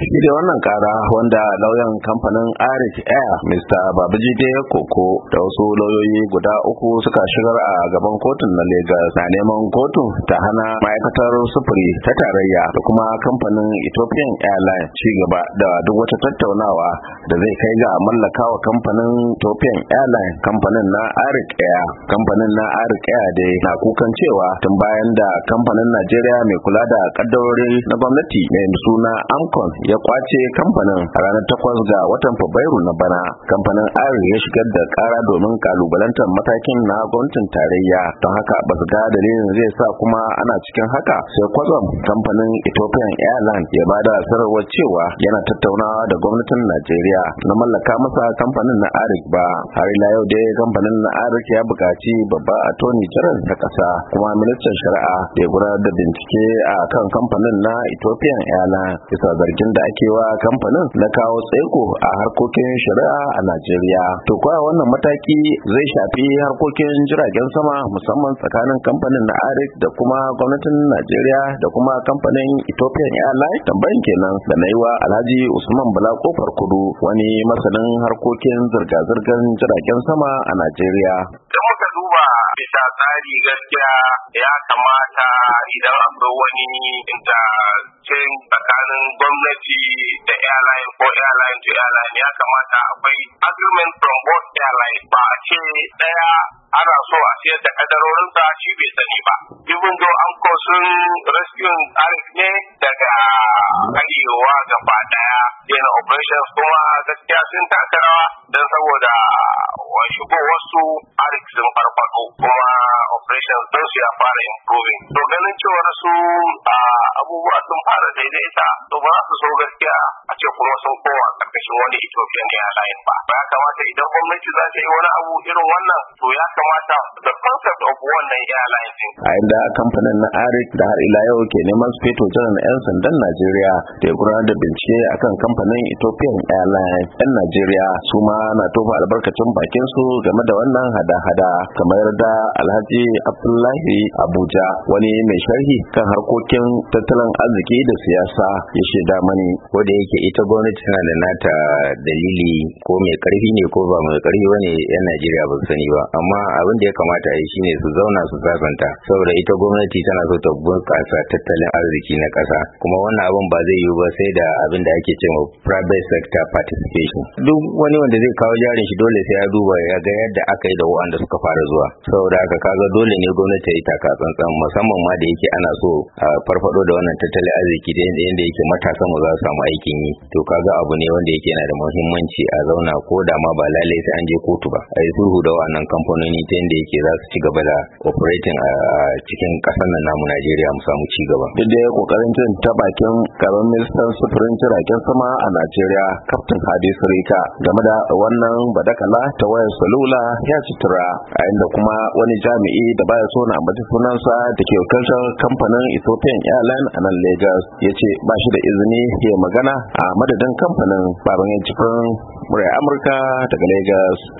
shi da wannan kara wanda lauyan kamfanin arik air mr babajide koko da wasu lauyoyi guda uku suka shigar a gaban kotun na lagos na neman kotun ta hana ma'aikatar sufuri ta tarayya da kuma kamfanin ethiopian airlines ci gaba da duk wata tattaunawa da zai kai ga mallakawa kamfanin ethiopian airlines kamfanin na arik air kamfanin na arik air dai na kukan cewa tun bayan da kamfanin najeriya mai kula da kaddarori na gwamnati mai suna amcon ya kwace kamfanin a ranar takwas ga watan Fabrairu na bana. Kamfanin Iron ya shigar da kara domin kalubalantar matakin na gwamnatin tarayya don haka ba su ga dalilin zai sa kuma ana cikin haka sai kwatsam kamfanin Ethiopian Airlines ya ba da sanarwar cewa yana tattaunawa da gwamnatin Najeriya na mallaka masa kamfanin na Arik ba. Har ila yau dai kamfanin na Arik ya buƙaci babba tony jiran ta ƙasa kuma ministan shari'a bai gudanar da bincike a kan kamfanin na Ethiopian Airlines bisa zargin da da ake wa kamfanin na kawo tsaiko a harkokin shari'a a Najeriya. To kuwa wannan mataki zai shafi harkokin jiragen sama musamman tsakanin kamfanin na Arik da kuma gwamnatin Najeriya da kuma kamfanin Ethiopian Airlines tambayin kenan da na yi wa Alhaji Usman Bala kofar kudu wani masanin harkokin zirga-zirgar jiragen sama a Najeriya. bisa tsari gaskiya ya kamata idan akwai wani da campaign tsakanin gwamnati da airline ko airline to airline ya kamata akwai agreement from both airlines ba a ce daya ana so a siyar da kadarorinsa shi bai sani ba. Even though an ko sun rescue Arif ne daga arewa gaba daya yana operations kuma gaskiya sun taka rawa don saboda wa shigo wasu Arif sun farfado kuma operations don su ya fara improving to ganin cewar su abubuwa sun fara daidaita to ba su so gaskiya a ce kuma sun kowa karkashin wani Ethiopian airline ba ya kamata idan gwamnati za ta yi wani abu irin wannan to ya kamata the concept of wannan airline din a inda kamfanin na Arik da har ila yau ke neman su fito janar yan sandan Najeriya da ya gudanar da bincike akan kamfanin Ethiopian Airlines yan Najeriya su ma na tofa albarkacin bakin su game da wannan hada-hada kamar da Alhaji Abdullahi Abuja wani mai sharhi kan harkokin tattalin arziki da siyasa ya shaida mani wanda yake ita gwamnati tana da nata dalili ko mai karfi ne ko ba mai karfi bane yan Najeriya ba sani ba amma abin da ya kamata a yi shine su zauna su sasanta saboda ita gwamnati tana so ta bunƙasa tattalin arziki na ƙasa kuma wannan abin ba zai yiwu ba sai da abin da ake cewa private sector participation duk wani wanda zai kawo jarin shi dole sai ya duba ya ga yadda aka yi da waɗanda suka fara zuwa saboda haka kaga dole dole ne gwamnati ta yi taka tsantsan musamman ma da yake ana so a farfado da wannan tattalin arziki da yadda yake matasan mu za su samu aikin yi to kaga abu ne wanda yake yana da muhimmanci a zauna ko da ma ba lalai sai an je kotu ba a yi sulhu da wannan kamfanoni ta yadda yake za su ci gaba da operating a cikin kasar nan namu Najeriya mu samu ci gaba duk da ya kokarin jin ta bakin karamin ministan sufurin jiragen sama a Najeriya Kaftin Hadi Sirika game da wannan badakala ta wayar salula ya sutura a inda kuma wani jami'i da baya so na ambaci sunansa da ke wakiltar kamfanin Ethiopian Airlines a nan Lagos ya ce ba shi da izini ya magana a madadin kamfanin baban yancifin murai Amurka daga Lagos.